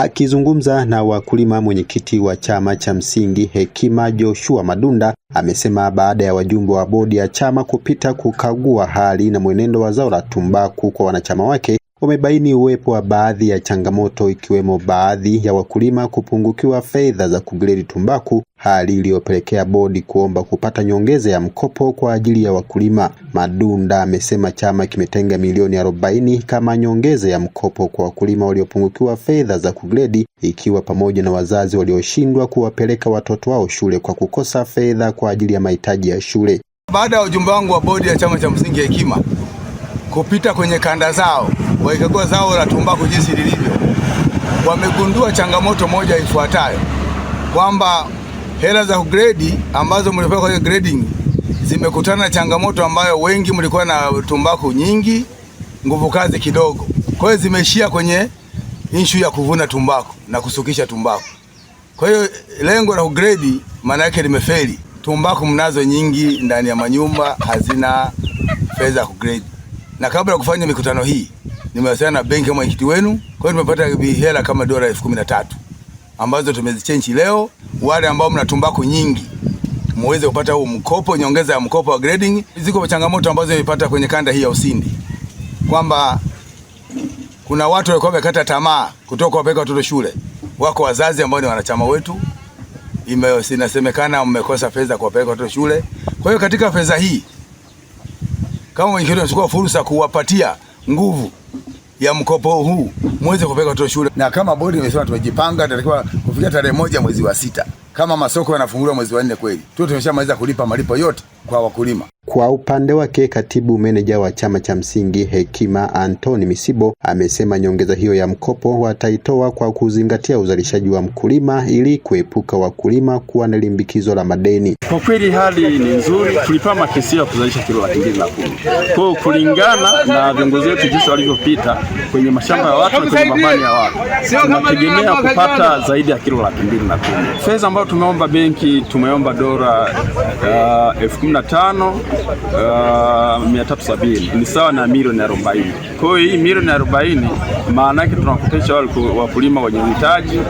Akizungumza na wakulima, mwenyekiti wa chama cha msingi Hekima Joshua Madunda amesema baada ya wajumbe wa bodi ya chama kupita kukagua hali na mwenendo wa zao la tumbaku kwa wanachama wake wamebaini uwepo wa baadhi ya changamoto ikiwemo baadhi ya wakulima kupungukiwa fedha za kugredi tumbaku, hali iliyopelekea bodi kuomba kupata nyongeza ya mkopo kwa ajili ya wakulima. Madunda amesema chama kimetenga milioni arobaini kama nyongeza ya mkopo kwa wakulima waliopungukiwa fedha za kugredi, ikiwa pamoja na wazazi walioshindwa kuwapeleka watoto wao shule kwa kukosa fedha kwa ajili ya mahitaji ya shule. Baada ya ujumbe wangu wa bodi ya chama cha msingi ya Hekima kupita kwenye kanda zao waikagua zao la tumbaku jinsi lilivyo, wamegundua changamoto moja ifuatayo kwamba hela za gredi ambazo mlipewa kwa grading zimekutana na changamoto ambayo wengi mlikuwa na tumbaku nyingi, nguvu kazi kidogo. Kwa hiyo zimeishia kwenye inshu ya kuvuna tumbaku na kusukisha tumbaku. Kwa hiyo lengo la gredi maana yake limefeli. Tumbaku mnazo nyingi ndani ya manyumba, hazina fedha ya kugredi. Na kabla ya kufanya mikutano hii nimewasiliana na benki ya mwenyekiti wenu, kwa hiyo tumepata hela kama dola elfu kumi na tatu ambazo tumezichenji leo. Wale ambao mna tumbaku nyingi muweze kupata huu mkopo, nyongeza ya mkopo wa grading. Ziko changamoto ambazo nimepata kwenye kanda hii ya Usindi kwamba kuna watu walikuwa wamekata tamaa kutoka kuwapeleka watoto shule, wako wazazi ambao ni wanachama wetu, inasemekana mmekosa fedha kuwapeleka watoto shule. Kwa hiyo katika fedha hii kama mwenyekiti, nachukua fursa kuwapatia nguvu ya mkopo huu mweze kupeleka watoto shule, na kama bodi imesema tumejipanga, tatakiwa kufikia tarehe moja mwezi wa sita. Kama masoko yanafunguliwa mwezi wa nne, kweli tu tumeshamaliza kulipa malipo yote kwa wakulima. Kwa upande wake katibu meneja wa chama cha msingi Hekima Antoni Misibo amesema nyongeza hiyo ya mkopo wataitoa kwa kuzingatia uzalishaji wa mkulima ili kuepuka wakulima kuwa na limbikizo la madeni. Kwa kweli hali ni nzuri, tulipama makisio ya kuzalisha kilo laki mbili na kumi. Kwa kulingana na viongozi wetu jinsi walivyopita kwenye mashamba ya watu kwenye mabani ya watu, tunategemea kupata zaidi ya kilo laki mbili na kumi. Fedha ambayo tumeomba benki, tumeomba dola uh, 15 370 uh, ni sawa na milioni 40. Kwa hiyo hii milioni 40 maana yake tunakutesha wale wakulima wenye uhitaji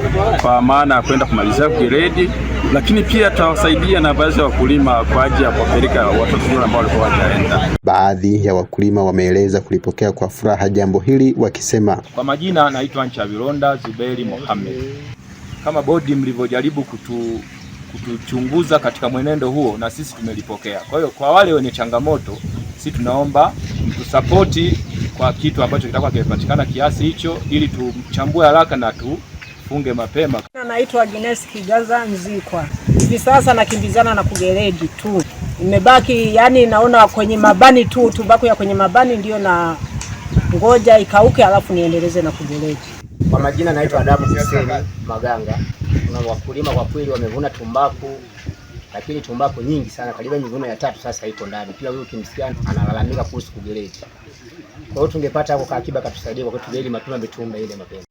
kwa maana ya kwenda kumalizia kiredi lakini pia tutawasaidia na baadhi ya wakulima kwa ajili ya kuwapeleka watoto wao ambao walikuwa wajaenda. Baadhi ya wakulima wameeleza kulipokea kwa furaha jambo hili wakisema, kwa majina naitwa Nchavilonda Zuberi Mohamed. Kama bodi mlivyojaribu kutu kutuchunguza katika mwenendo huo, na sisi tumelipokea. Kwa hiyo kwa wale wenye changamoto, si tunaomba mtusapoti kwa kitu ambacho kitakuwa kimepatikana kiasi hicho, ili tuchambue haraka na tufunge mapema. Naitwa Agnes Kigaza Nzikwa, Hivi sasa nakimbizana na kugereji tu nimebaki yani naona kwenye mabani tu, tumbaku ya kwenye mabani ndio na ngoja ikauke, alafu niendeleze na kugereji. Kwa majina naitwa Adamu Hussein Maganga kuna wakulima kwa kweli wamevuna tumbaku, lakini tumbaku nyingi sana, karibu mivuno ya tatu sasa iko ndani. Kila huyu kimsikia analalamika kuhusu kugereti. Kwa hiyo tungepata hapo, kaakiba katusaidia kwa kutubeli mapema mitumba ile mapema.